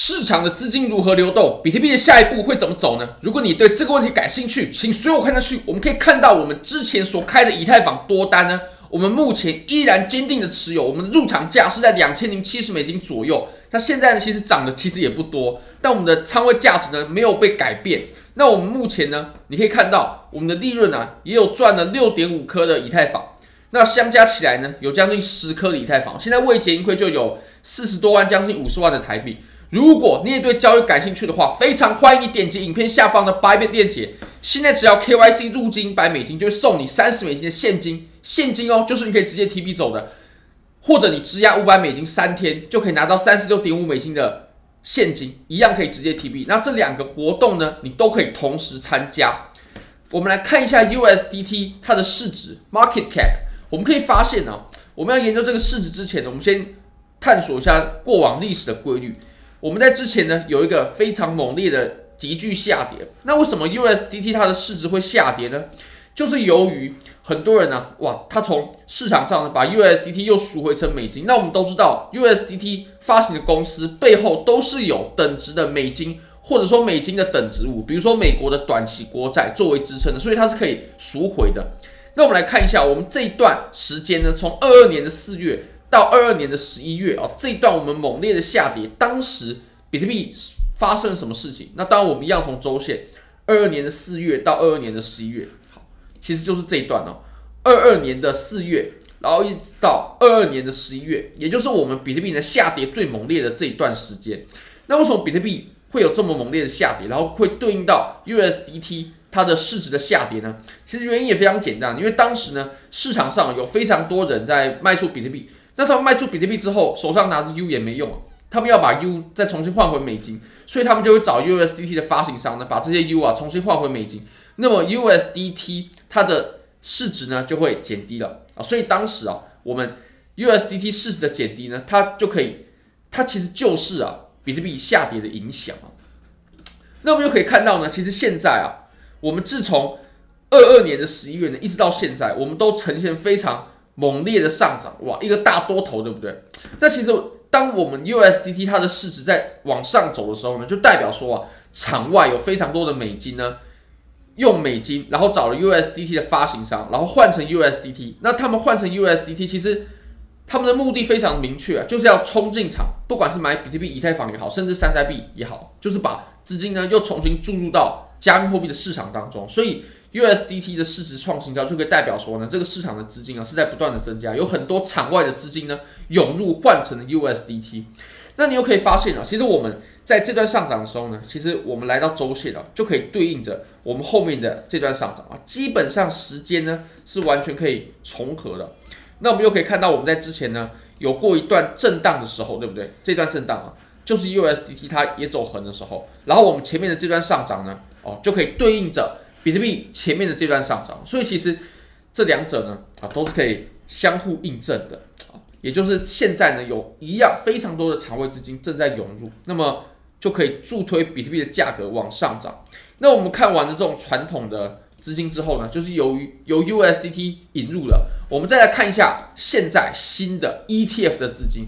市場的資金如何流動？比特幣的下一步會怎麼走呢？如果你對這個問題感興趣，請隨我看下去。我們可以看到，我們之前所開的以太坊多單呢，我們目前依然堅定的持有。我們的入場價是在兩千零七十美金左右。那現在呢，其實漲的其實也不多，但我們的倉位價值呢沒有被改變。那我們目前呢，你可以看到我們的利潤呢，啊，也有賺了六點五顆的以太坊。那相加起來呢，有將近十顆的以太坊。現在未結盈虧就有四十多萬，將近五十萬的台幣。如果你也對交易感興趣的話，非常歡迎你點擊影片下方的 Bybit 鏈接。現在只要 KYC 入金一百美金，就會送你三十美金的現金，現金哦，就是你可以直接提幣走的。或者你質押五百美金三天，就可以拿到三十六點五美金的現金，一樣可以直接提幣。那這兩個活動呢，你都可以同時參加。我們來看一下 USDT 它的市值 Market Cap，我們可以發現呢、啊，我們要研究這個市值之前呢，我們先探索一下過往歷史的規律。我們在之前呢有一個非常猛烈的急劇下跌，那為什麼 USDT 它的市值會下跌呢？就是由於很多人呢、啊，哇，他從市場上呢把 USDT 又贖回成美金。那我們都知道 USDT 發行的公司背後都是有等值的美金，或者說美金的等值物，比如說美國的短期國債作為支撐的，所以它是可以贖回的。那我們來看一下我們這一段時間呢，從二二年的四月。到二二年的十一月啊，這一段我們猛烈的下跌，當時比特幣發生了什麼事情？那當然，我們一樣從週線，二二年的四月到二二年的十一月，好，其實就是這一段哦。二二年的四月，然後一直到二二年的十一月，也就是我們比特幣的下跌最猛烈的這一段時間。那為什麼比特幣會有這麼猛烈的下跌，然後會對應到 USDT 它的市值的下跌呢？其實原因也非常簡單，因為當時呢市場上有非常多人在賣出比特幣。那他們賣出比特幣之後，手上拿着 U 也沒用啊，他們要把 U 再重新換回美金，所以他們就會找 USDT 的發行商呢，把這些 U 啊重新換回美金，那麼 USDT 它的市值呢就會減低了啊，所以當時啊，我們 USDT 市值的減低呢，它就可以，它其實就是啊比特幣下跌的影響啊，那我們就可以看到呢，其實現在啊，我們自從二二年的十一月呢，一直到現在，我們都呈現非常。猛烈的上漲，哇，一個大多頭，對不對？那其實，當我們 USDT 它的市值在往上走的時候呢，就代表說啊，場外有非常多的美金呢，用美金，然後找了 USDT 的發行商，然後換成 USDT。那他們換成 USDT，其實他們的目的非常明確啊，就是要衝進場，不管是買比特幣、以太坊也好，甚至山寨幣也好，就是把資金呢又重新注入到加密貨幣的市場當中，所以。USDT 的市值創新高，就可以代表說呢，這個市場的資金啊是在不斷的增加，有很多場外的資金呢湧入換成了 USDT。那你又可以發現啊，其實我們在這段上漲的時候呢，其實我們來到周線啊，就可以對應着我們後面的這段上漲啊，基本上時間呢是完全可以重合的。那我們又可以看到我們在之前呢有過一段震盪的時候，對不對？這段震盪啊就是 USDT 它也走橫的時候，然後我們前面的這段上漲呢，哦，就可以對應着。比特幣前面的這段上漲，所以其實這兩者呢啊都是可以相互印證的啊，也就是現在呢有一樣非常多的場外資金正在湧入，那麼就可以助推比特幣的價格往上漲。那我們看完了這種傳統的資金之後呢，就是由於由 USDT 引入了，我們再來看一下現在新的 ETF 的資金。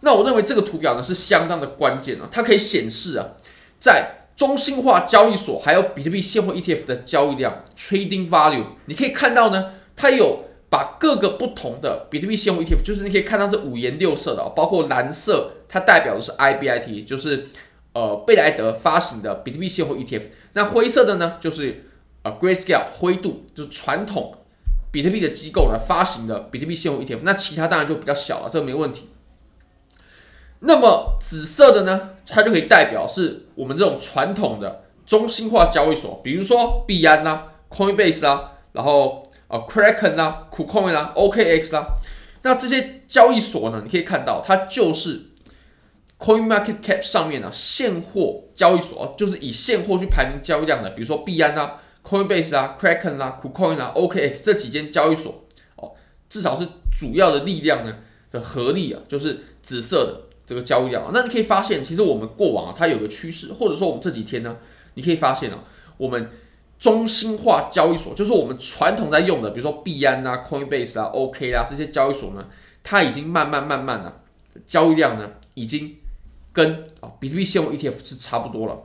那我認為這個圖表呢是相當的關鍵啊，它可以顯示啊在中心化交易所還有比特幣現貨 ETF 的交易量 （trading v a l u e 你可以看到呢，它有把各個不同的比特幣現貨 ETF，就是你可以看到是五顏六色的，包括藍色，它代表的是 IBIT，就是呃貝萊德發行的比特幣現貨 ETF。那灰色的呢，就是呃 Grayscale 灰度，就是傳統比特幣的機構呢，發行的比特幣現貨 ETF。那其他當然就比較小了，這沒問題。那麼紫色的呢，它就可以代表是我們這種傳統的中心化交易所，比如說幣安吶、啊、Coinbase 啊，然後呃、啊、Kraken 啊，KuCoin 啊、OKX 啦、啊。那這些交易所呢，你可以看到，它就是 CoinMarketCap 上面啊，現貨交易所、啊，就是以現貨去排名交易量的，比如說幣安吶、啊、Coinbase 啊、Kraken 啊，KuCoin 啊、OKX 這幾間交易所哦，至少是主要的力量呢的合力啊，就是紫色的。這個交易量，那你可以發現，其實我們過往啊，它有個趨勢，或者說我們這幾天呢，你可以發現啊，我們中心化交易所，就是我們傳統在用的，比如說幣安啊、Coinbase 啊、OK 啊，這些交易所呢，它已經慢慢慢慢啊，交易量呢已經跟啊、哦、比特幣現貨 ETF 是差不多了。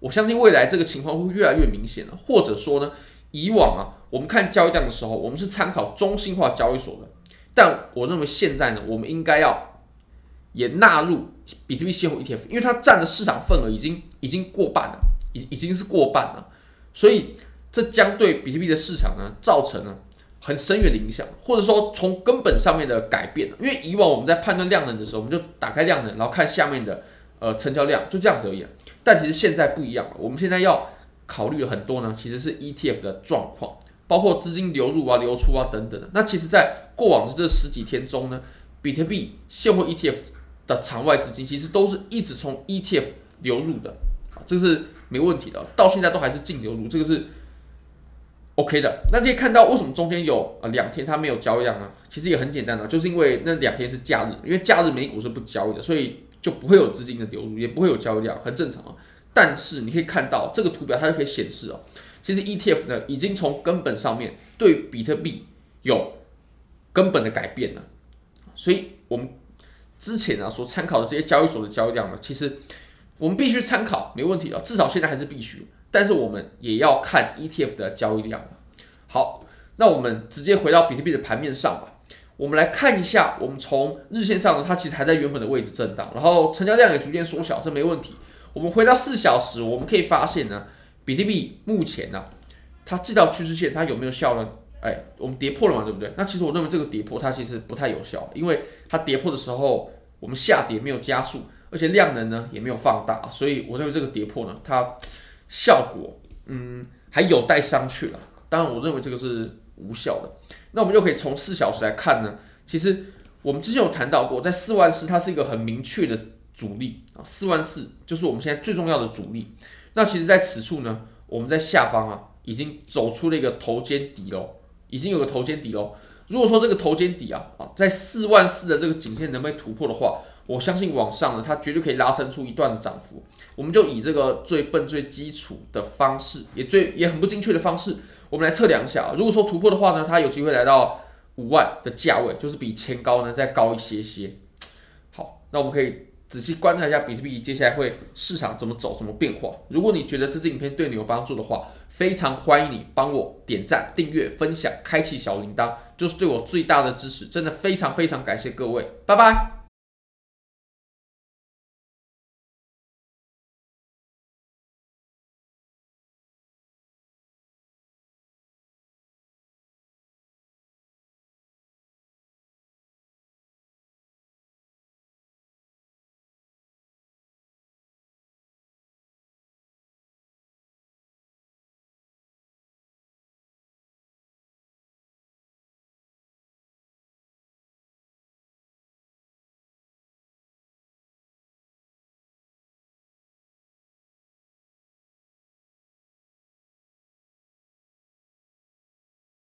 我相信未來這個情況會越來越明顯了。或者說呢，以往啊，我們看交易量的時候，我們是參考中心化交易所的，但我認為現在呢，我們應該要。也納入比特幣現貨 ETF，因為它占的市場份額已經已經過半了，已已經是過半了，所以這將對比特幣的市場呢，造成了很深遠的影響，或者說從根本上面的改變。因為以往我們在判斷量能的時候，我們就打開量能，然後看下面的呃成交量，就這樣子而已啊。但其實現在不一樣了，我們現在要考慮的很多呢，其實是 ETF 的狀況，包括資金流入啊、流出啊等等的。那其實，在過往的這十幾天中呢，比特幣現貨 ETF 的場外資金其實都是一直從 ETF 流入的啊，這個是沒問題的，到現在都還是淨流入，這個是 OK 的。那你可以看到，為什麼中間有呃、兩天它沒有交易量呢？其實也很簡單的，就是因為那兩天是假日，因為假日美股是不交易的，所以就不會有資金的流入，也不會有交易量，很正常啊。但是你可以看到這個圖表，它就可以顯示哦，其實 ETF 呢已經從根本上面對比特幣有根本的改變了，所以我們。之前啊，所參考的這些交易所的交易量呢，其實我們必須參考，沒問題啊，至少現在還是必須。但是我們也要看 ETF 的交易量。好，那我們直接回到比特幣的盤面上吧。我們來看一下，我們從日線上呢，它其實還在原本的位置震盪，然後成交量也逐漸縮小，這沒問題。我們回到四小時，我們可以發現呢，比特幣目前呢、啊，它這道趨勢線它有沒有效呢？哎、欸，我們跌破了嘛，對不對？那其實我認為這個跌破它其實不太有效，因為它跌破的時候。我們下跌沒有加速，而且量能呢也沒有放大，所以我認為這個跌破呢，它效果嗯還有待商榷了。當然，我認為這個是無效的。那我們就可以從四小時來看呢，其實我們之前有談到過，在四萬四它是一個很明確的阻力啊，四萬四就是我們現在最重要的阻力。那其實在此處呢，我們在下方啊已經走出了一個頭肩底嘍，已經有個頭肩底嘍。如果說這個頭肩底啊啊在四萬四的這個頸線能被突破的話，我相信往上呢，它絕對可以拉伸出一段的漲幅。我們就以這個最笨最基礎的方式，也最也很不精確的方式，我們來測量一下啊。如果說突破的話呢，它有機會來到五萬的價位，就是比前高呢再高一些些。好，那我們可以仔細觀察一下比特幣接下來會市場怎麼走，怎麼變化。如果你覺得這支影片對你有幫助的話，非常歡迎你幫我點贊、訂閱、分享、開啟小鈴鐺。就是對我最大的支持，真的非常非常感謝各位，拜拜。